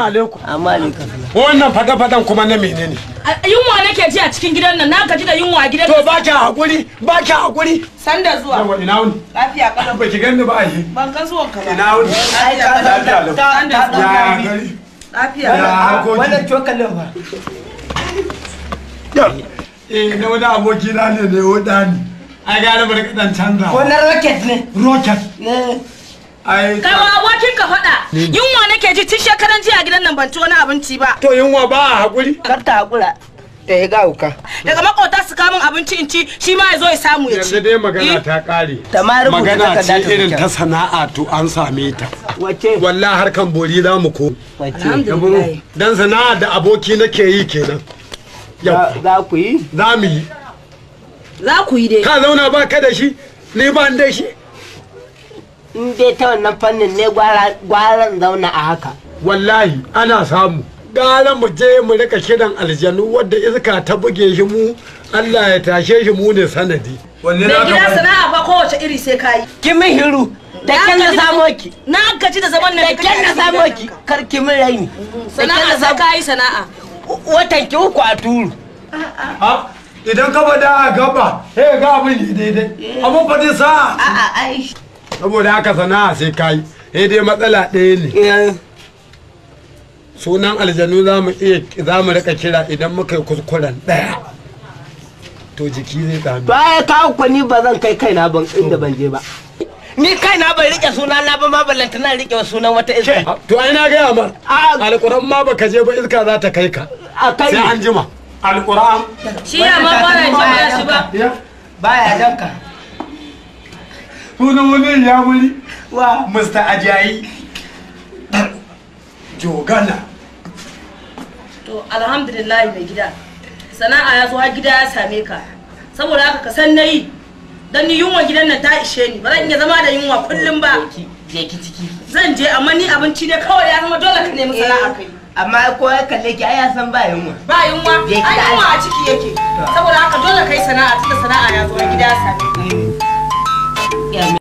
alaikum. Amma alaikum. Wannan fada-fadan kuma na menene? Yunwa nake ji a cikin gidan nan, na gaji da yunwa a gidan. To ba ki hakuri, ba ki hakuri. Sanda zuwa. Yawa ina wuni. Lafiya kalau. Ba ki ganni ba ai. Ban ga zuwan ka ba. Ina wuni. Lafiya kalau. Sanda zuwa. Ya gari. Lafiya. Ya hakuri. Wannan cokalin fa. Ya. Eh na wani abokina na ne ne wani. a gane bar kadan canza. Ko na rocket ne. Rocket. Eh. kawo abokin ka faɗa yunwa nake ji tun shekaran jiya gidan nan ban ci wani abinci ba to yunwa ba a haƙuri kar ta haƙura ta yi gauka daga makota su kamun abinci in ci shi ma ya zo ya samu ya ci yanzu dai magana eh? ta kare magana ce irin ta sana'a to an same ta wace wallahi harkan bori za mu ko wace dan sana'a da aboki nake yi kenan za ku yi za mu yi za ku yi dai ka zauna ba ka da shi ni ba da shi in dai ta wannan fannin ne gwaran zauna a haka wallahi ana samu gara mu je mu rika kiran aljanu wadda iska ta buge shi mu Allah ya tashe shi mu ne sanadi wanne na gida sana'a ba kowace iri sai kayi ki min hiru da kyan na samo ki na gaji da zaman nan da kyan na samo ki kar ki min raini sana'a sai kayi sana'a watan ki uku a turu idan ka bada a gaba he ga abin daidai amma ba dai sa'a a'a ai saboda haka sana'a sai kai sai dai matsala ɗaya ne eh. sunan aljanu za mu iya za mu rika kira idan muka yi kuskuren ɗaya to jiki zai tsami ba ya kawo kwani ba zan kai kaina ban inda ban je ba ni kaina bai rike suna na ba ma ballanta na rike sunan wata iska to ai na gaya ma alƙur'an ma baka je ba iska za ta kai ka sai an jima shi ya ma ba ya shi ba baya danka sunan wani ya wuri wa mr ajayi jogana to alhamdulillah mai gida sana'a ya zo har gida ya same ka saboda haka ka san nayi dan ni yunwa gidan nan ta ishe ni ba zan iya zama da yunwa kullum ba je ki ciki zan je amma ni abinci ne kawai ya zama dole ka nemi eh, sana'a kai amma ko ya kalle ki ai ya san ba yunwa ba yunwa ai yunwa a ciki yake saboda haka dole kai sana'a tunda sana'a ya zo gida ya same ka.